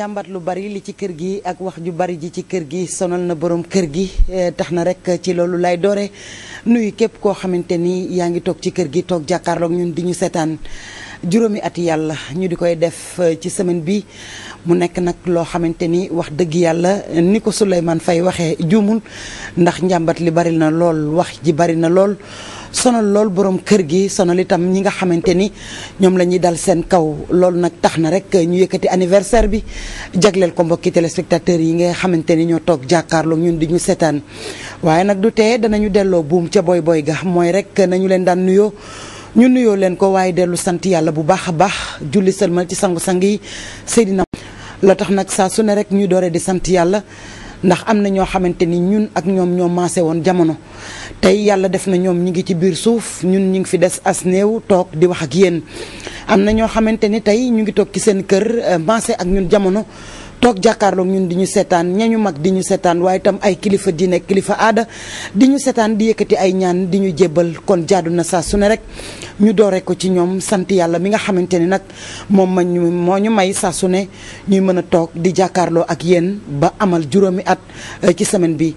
njàmbat lu bari li ci kër gi ak wax ju bari ji ci kër gi sonal na borom kër gi eh, tax na rek ci loolu lay doore nuyu képp koo xamante ni yaa ngi toog ci kër gi toog jàkkaarlook ñun di ñu seetaan juróomi at yàlla ñu di koy def eh, ci semaine bi mu nekk nag loo xamante ni wax dëgg yàlla ni ko Souleymane fay waxee juumul ndax njàmbat li bari na lool wax ji bari na lool. sonal lool borom kër gi sonal itam ñi nga xamante ni ñoom la ñuy dal seen kaw loolu nag tax na rek ñu yëkkati anniversaire bi jagleel ko mbokki téléspectateurs yi nga xamante ni ñoo toog jàkkaarloo ñun di ñu seetaan waaye nag du tee danañu delloo buum ca boy boy ga mooy rek nañu leen daan nuyoo. ñu nuyoo leen ko waaye dellu sant yàlla bu baax a baax julli sëlmal ci sangu-sang yi Seydina la tax nag saa su ne rek ñuy doore di sant yàlla ndax am na ñoo xamante ni ñun ak ñoom ñoo maase woon jamono tey yàlla def na ñoom ñi ngi ci biir suuf ñun ñu ngi fi des as néew toog di wax ak yéen am na ñoo xamante ni tey ñu ngi toog ci seen kër euh, maase ak ñun jamono toog jàkkaarlook ñun di ñu seetaan ñañu mag di ñu seetaan waaye itam ay kilifa diine kilifa aada di ñu seetaan di yëkkati ay ñaan di ñu jébbal kon jaadu na saa su ne rek ñu doore ko ci ñoom sant yàlla mi nga xamante ni nag moom ma ñu moo ñu may saa su ne ñuy mën a toog di jàkkaarloo ak yéen ba amal juróomi at eh, ci semaine bi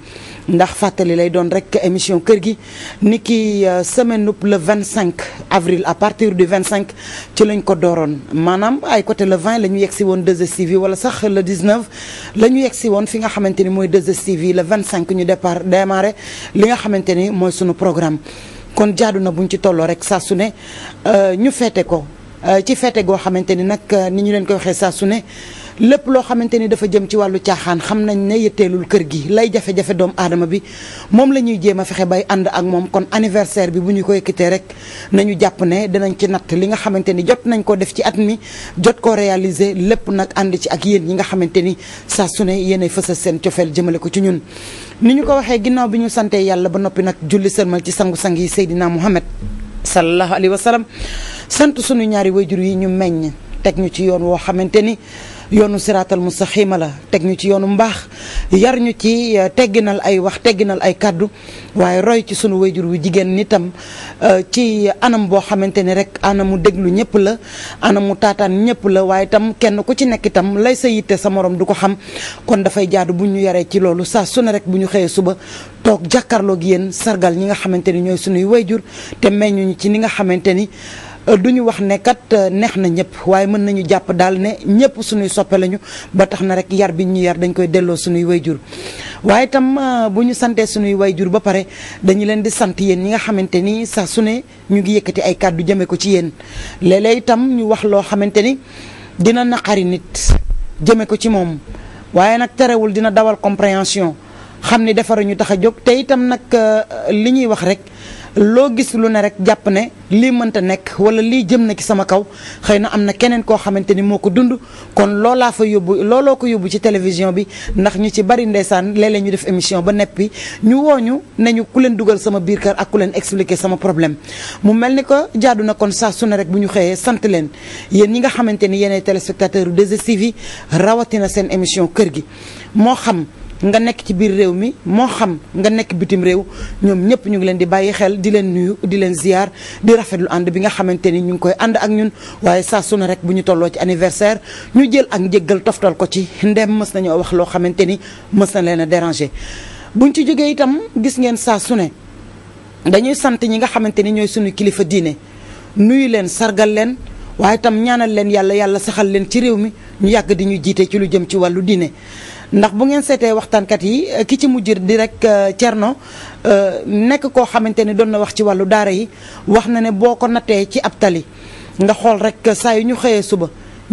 ndax fàttali lay doon rek émission kër gi ni ki euh, semaine nup le cinq avril à partir du cinq ci lañ ko dooroon maanaam ay côté le 20 la ñu yegsi woon 2STV wala sax le 19 la ñu yegsi woon fi nga xamante ni mooy 2STV le cinq ñu départ démarré li nga xamante ni mooy sunu programme kon jaadu na buñ ci tolloo rek saa su ne euh, ñu feete ko euh, ci feete goo xamante ni nag ni ñu leen koy waxee saa su ne lépp loo xamante ni dafa jëm ci wàllu caaxaan xam nañ ne yëtteelul kër gi lay jafe-jafe doomu aadama bi moom la ñuy jéem a fexe bay ànd ak moom kon anniversaire bi bu ñu ko yëkkatee rek nañu jàpp ne danañ ci natt li nga xamante ni jot nañ ko def ci at mi jot ko réaliser lépp nag ànd ci ak yéen yi nga xamante ni saa sunu ne yéenay seen cofeel jëmale ko ci ñun ni ñu ko waxee ginnaaw bi ñu santee yàlla ba noppi nag julli sërmal ci sangu-sang yi Seydina Muhammad sallallahu alayhi wa sallam sant sunu ñaari wayjur yi ñu meññ teg ñu ci yoon woo xamante ni yoonu siraatal mustaxima la teg ñu ci yoonu mbaax yar ñu ci euh, tegginal ay wax tegginal ay kàddu waaye roy ci sunu wayjur wu jigéen nitam euh, ci anam boo xamante ni rek anamu déglu ñëpp la anamu taataan ñëpp la waaye tam kenn ku ci nekk itam lay sa yitte sa morom du ko xam kon dafay jaadu bu ñu yaree ci loolu saa su ne rek bu ñu xëyee suba toog jàkkaarloog yéen sargal ñi nga xamante ni ñooy sunuy wayjur te meññuñu ci ni nga xamante ni Euh, du ñu wax ne kat euh, neex na ñëpp waaye mën nañu jàpp daal ne ñëpp suñuy soppe lañu ba tax na rek yar bi ñu yar dañ koy delloo suñuy wayjur waaye itam euh, bu ñu santee suñuy jur ba pare dañu leen di sant yéen ñi nga xamante ni sax su ñu ngi yëkkati ay kàddu jëme ko ci yéen léeg-léeg itam ñu wax loo xamante ni dina naqari nit jëme ko ci moom waaye nag terewul dina dawal compréhension xam ni defaruñu tax a jóg te itam nag li ñuy wax rek loo gis lu ne rek jàpp ne lii mënta nekk wala lii jëm na ci sama kaw xëy na am na keneen koo xamante ni moo ko dund kon loolaa fa yóbbu looloo ko yóbbu ci télévision bi ndax ñu ci bari ndeysaan léeg-léeg ñu def émission ba neppi ñu wooñu nañu ku leen dugal sama biir kër ak ku leen expliquer sama problème mu mel ni ko jaadu na kon saa su ne rek bu ñu xëyee sant leen yéen ñi nga xamante ni yéenay téléspectateur 2STV rawatina seen émission kër gi moo xam nga nekk ci biir réew mi moo xam nga nekk bitim réew ñoom ñëpp ñu ngi leen di bàyyi xel di leen nuyu di leen ziar di rafetlu ànd bi nga xamante ni ñu ngi koy ànd ak ñun waaye saa su rek bu ñu tolloo ci anniversaire ñu jël ak njëggal toftal ko ci ndem mës nañoo wax loo xamante ni mës na leen a déranger buñ ci jógee itam gis ngeen saa su ne dañuy sant ñi nga xamante ni ñooy suñu kilifa diine nuyu leen sargal leen waaye itam ñaanal leen yàlla yàlla saxal leen ci réew mi ñu yàgg di ñu jiite ci lu jëm ci wàllu diine ndax bu ngeen seetee waxtaankat yi eh, ki ci mujj di rek eh, Thierno eh, nekk koo xamante ne doon na wax ci wàllu daara yi wax na ne boo ko nattee ci ab tali nga xool rek saa yu ñu xëyee suba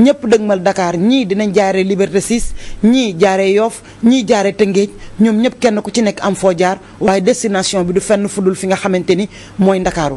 ñëpp dëgmal ndakaar ñii dinañ jaaree Liberté 6 ñii jaaree Yoff ñii jaaree Tëngéej ñoom ñëpp kenn ku ci nekk am foo jaar waaye destination bi du fenn fudul fi nga xamante ni mooy Ndakaaru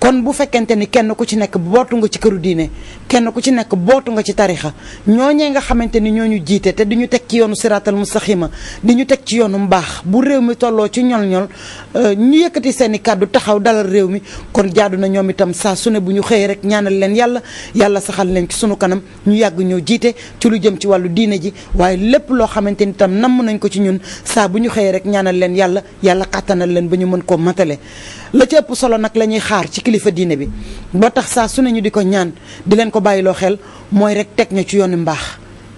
kon bu fekkente ni kenn ku ci nekk bootu nga ci këru diine kenn ku ci nekk bootu nga ci tarixa ñooñee nga xamante ni ñoo ñu jiite te di ñu teg ci yoonu siraatal mustaxima di ñu teg ci yoonu mbaax bu réew mi tolloo ci ñol-ñol euh, ñu yëkkati seen i kàddu taxaw dalal réew mi kon jaadu na ñoom itam saa su ne bu ñu xëyee rek ñaanal leen yàlla yàlla saxal leen ci sunu kanam ñu yàgg ñoo jiite ci lu jëm ci wàllu diine ji waaye lépp loo xamante ni tam namm nañ ko ci ñun saa bu ñu xëyee rek ñaanal leen yàlla yàlla kàttanal leen ba ñu mën koo matale la ci ëpp solo nag lañuy xaar ci kilifa diine bi ba tax saa su ne ñu di ko ñaan di leen ko bàyyiloo xel mooy rek teg ñu ci yoonu mbaax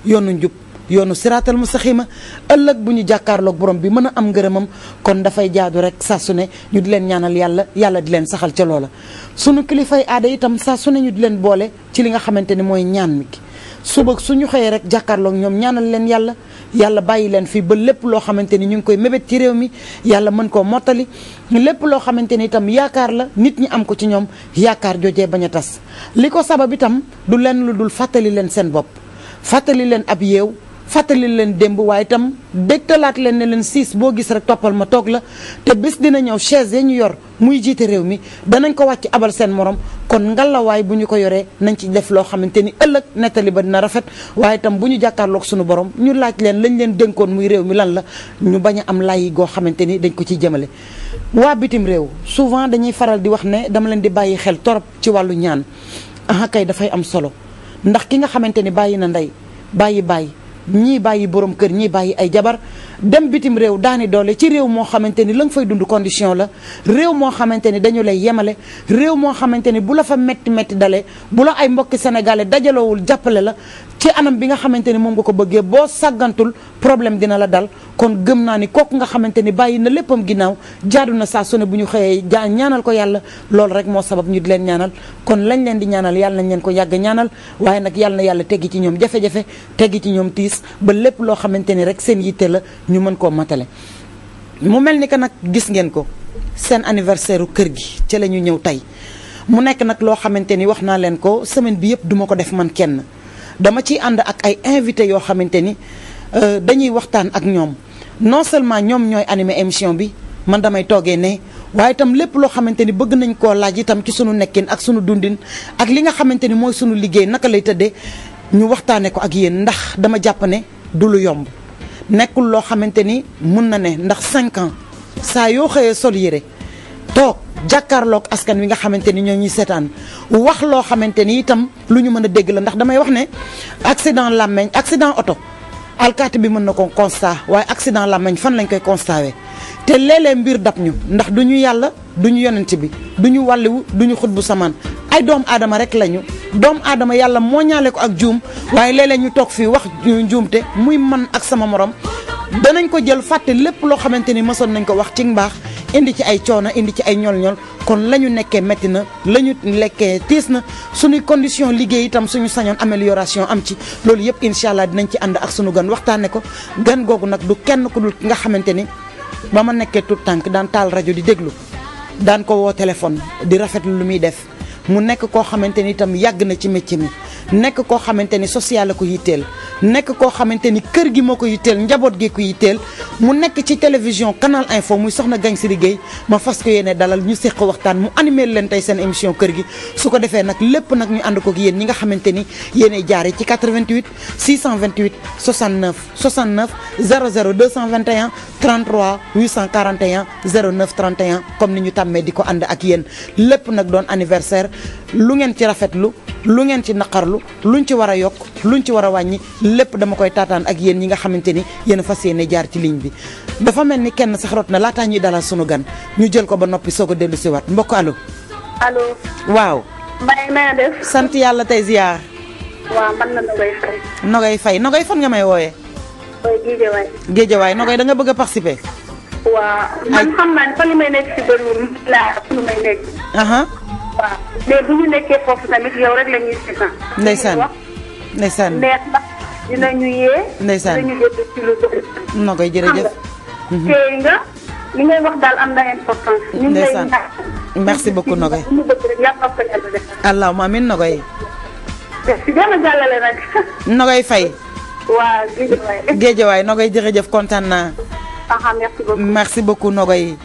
yoonu njub yoonu siraatal mustaxima ëllëg bu ñu jàkkaarloog borom bi mën a am ngërëmam kon dafay jaadu rek saa su ne ñu di leen ñaanal yàlla yàlla di leen saxal ca loola. sunu kilifay aada itam saa su ñu di leen boole ci li nga xamante ni mooy ñaan mi. suba ñu xëyee rek jàkkaarloog ñoom ñaanal leen yàlla yàlla bàyyi leen fii ba lépp loo xamante ni ñu ngi koy mébét ci réew mi yàlla mën koo mottali lépp loo xamante ni itam yaakaar la nit ñi am ko ci ñoom yaakaar jojee bañ a tas li ko sabab itam du leen lu dul fàttali leen seen bopp fàttali leen ab yeew fàttali leen démb waaye itam dégtalaat leen ne leen siis boo gis rek toppal ma toog la te bés dina ñëw chaise ya ñu yor muy jiite réew mi danañ ko wàcc abal seen morom kon ngalawaay bu ñu ko yoree nañ ci def loo xamante ni ëllëg nettali ba dina rafet waaye tam bu ñu jàkkaarloog suñu borom ñu laaj leen lañ leen dënkoon muy réew mi lan la ñu bañ a am lay goo xamante ni dañ ko ci jëmale waa bitim réew souvent dañuy faral di wax ne dama leen di bàyyi xel torop ci wàllu ñaan aha kay dafay am solo ndax ki nga xamante ni bàyyi na ndey bàyyi bàyyi ñii bàyyi boroom kër ñii bàyyi ay jabar dem bitim réew daani doole ci réew moo xamante ni la fay dund condition la réew moo xamante ni dañu lay yemale réew moo xamante ni bu la fa metti métti dale bu la ay mbokki sénégalais dajaloowul jàppale la ci anam bi nga xamante ni moom nga ko bëggee boo sàggantul problème dina la dal kon gëm naa ni kooku nga xamante ni bàyyi na léppam ginnaaw jaadu na saa sune bu ñu xëyee ja ñaanal ko yàlla loolu rek moo sabab ñu di leen ñaanal kon lañ leen di ñaanal yàlla nañ leen ko yàgg ñaanal waaye nag yàlla yàlla teggi ci ñoom jafe service ba lépp loo xamante ni rek seen yitte la ñu mën koo matale mu mel ni que nag gis ngeen ko seen anniversaire kër gi ci la ñu ñëw tey mu nekk nag loo xamante ni wax naa leen ko semaine bi yëpp duma ko def man kenn dama ciy ànd ak ay invité yoo xamante ni euh, dañuy waxtaan ak ñoom non seulement ñoom ñooy animé émission bi man damay toogee ne waaye itam lépp loo xamante ni bëgg nañ ko laaj itam ci sunu nekkin ak sunu dundin ak li nga xamante ni mooy sunu liggéey naka lay tëddee ñu waxtaanee ko ak yéen ndax dama jàpp ne du lu yomb nekkul loo xamante ni mun na ne ndax 5 ans saa yoo xëyee sol yére toog jàkkaarloog askan wi nga xamante ni ñoo ñuy seetaan wax loo xamante ni itam lu ñu mën a dégg la ndax damay wax ne accident làmmeñ accident oto alkaati bi mën na ko constat waaye accident làmmeñ fan lañ koy constaté te léeg mbir dab ñu ndax du ñu yàlla du ñu yonent bi du ñu wàlliwu du ñu xut bu samaan ay doomu aadama rek lañu doomu aadama yàlla moo ñaale ko ak juum waaye léeg ñu toog fii wax njuumte muy man ak sama morom danañ ko jël fàtte lépp loo xamante ni mësoon nañ ko wax ci mbaax indi ci ay coona indi ci ay ñol-ñol kon la ñu nekkee métti na la ñu lekkee tiis na suñuy condition liggéey itam suñu sañoon amélioration am ci loolu yëpp incha allah dinañ ci ànd ak suñu gan waxtaane ko gan googu nag du kenn ku dul nga xamante ni ba ma nekkee tout tànk daan taal rajo di déglu daan ko woo téléphone di rafetlu lu muy def mu nekk koo xamante ni itam yàgg na ci métier mi nekk koo xamante ni social la ko yitteel nekk koo xamante ni kër gi moo ko yitteel njaboot gee ko yitteel mu nekk ci télévision canal info muy soxna Gagne Sidy Gueye ma fas ko yéene dalal ñu séq waxtaan mu animé leen tey seen émission kër gi su ko defee nag lépp nag ñu ànd ko yéen ni nga xamante ni yéenay jaare ci 88 628 69 69 00 221 33 841 09 31 comme ni ñu tàmmee di ko ànd ak yéen lépp nag doon anniversaire lu ngeen ci rafetlu lu ngeen ci naqarlu luñ ci war a yokk luñ ci war a wàññi lépp dama koy taataan ak yéen ñi nga xamante ni yéen fas yéene jaar ci ligne bi dafa mel ni kenn sax rot na laataa ñuy dalal sunu gan ñu jël ko ba noppi soog a dellu si waat mbokk allo. waaw. sant yàlla tey ziar. waaw man Nogay Faye. Nogay fan nga may wooyee. mooy Géejawaay. Géejawaay Nogay da nga bëgg a participer. man xam naa fan may nekk si bëriwul. laa xam lu may nekk. waaw mais bu ñu nekkee foofu tamit yow rek la ñuy seetaan. ndeysaan ndeysaan neex na dinañu yee. ndeysaan dinañu koy jërëjëf. Mhm. tey nga wax daal am na importance. ndeysaan merci beaucoup Nogaye. ñu bëgg rek yàlla ko yàlla def. allahumma amiin jërëjëf kontaan naa. merci beaucoup merci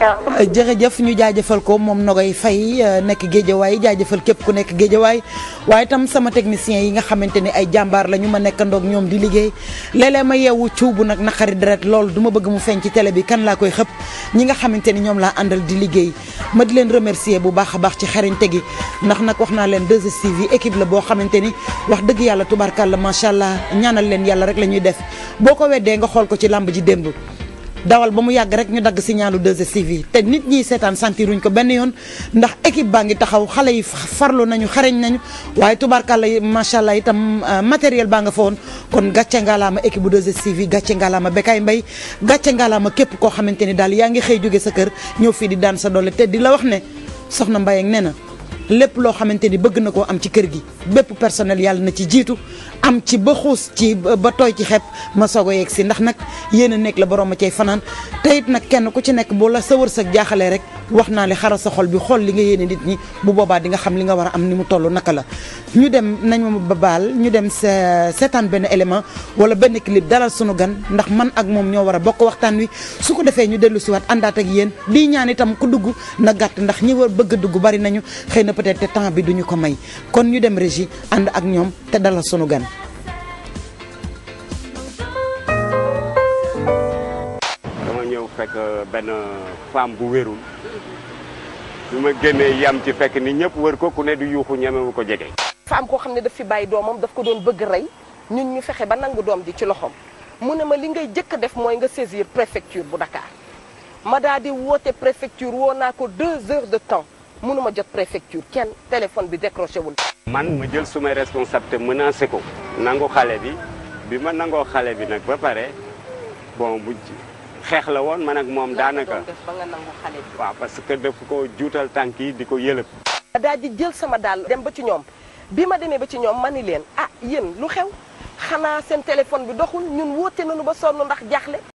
Eh, jërëjëf ñu jaajëfal ko moom Nogoy Faye eh, nekk géejawaay jaajëfal képp ku nekk géejawaay waaye itam sama technicien yi nga xamante ni ay jàmbaar la ñu ma nekkandoog ñoom di liggéey léeg ma yeewu cuubu nag naqari deret lool du ma bëgg mu feeñ ci télé bi kan laa koy xëpp ñi nga xamante ni ñoom laa àndal di liggéey ma leen remercier bu baax a baax ci xarañte gi ndax nag wax naa leen deux stv yi équipe la boo xamante ni wax dëgg yàlla tubaarkàlla macha allah ñaanal leen yàlla rek la ñuy def boo ko weddee nga xool ko ci làmb ji démb dawal ba mu yàgg rek ñu dagg signalu 2STV yi te nit ñiy seetaan santiruñ ko benn yoon ndax équipe baa ngi taxaw xale yi farlu nañu xareñ nañu waaye tubaarkàlla yi macha allah itam euh, matériel baa nga fa woon kon gàcce ngalaama équipe bu 2STV gàcce ngalaama Bécaye mbay gàcce ngalaama képp koo xamante ni daal yaa ngi xëy jóge sa kër ñëw fii di daan sa doole te di la wax ne soxna Mbaye nee na lépp loo xamante ni bëgg na koo am ci kër gi bépp personnel yàlla na ci jiitu am ci ba xuus ci ba tooy ci xepp ma soog a yegg si ndax nag yéen a nekk la borom ma cay fanaan te nag kenn ku ci nekk bu la sa wërsëg jaaxalee rek wax naa ne xara sa bi xool li nga yéene nit ñi bu boobaa di xam li nga war a am ni mu toll naka la. ñu dem nañ ma ba baal ñu dem seetaan benn élément wala benn clip dalal sunu gan ndax man ak moom ñoo war a bokk waxtaan wi su ko defee ñu dellu si waat ak yéen bii ñaan itam ku dugg na gàtt ndax ñi war bëgg dugg bari nañu xëy na peut-être te temps bi duñu ko may kon ñu dem régie ànd ak ñoom te dala sunu gan dama ñëw fekk euh, benn femme bu wérul bi ma génnee yam ci fekk ni ñëpp wër ko ku ne du yuuxu ñemewu ko jege femme koo xam ne daf fi bàyyi doomam daf ko doon bëgg rey ñun ñu fexe ba nangu doom ji ci loxoom mu ne ma li ngay jëkk def mooy nga saisir préfecture bu Dakar ma daal di woote préfecture woo naa ko deux heures de temps mënuma jot préfecture kenn téléphone bi décroché wul. man ma jël sumay responsabilité menacé ko nangu xale bi bi ma nangoo xale bi nag ba pare bon bu xeex la woon man ak moom daanaka. ba nga nangu xale bi. waaw parce que daf ko juutal tànk yi di ko yëlëb. daal di jël sama daal dem ba ci ñoom bi ma demee ba ci ñoom ma ni leen ah yéen lu xew xanaa seen téléphone bi doxul ñun wóote nañu ba sonn ndax jaaxle.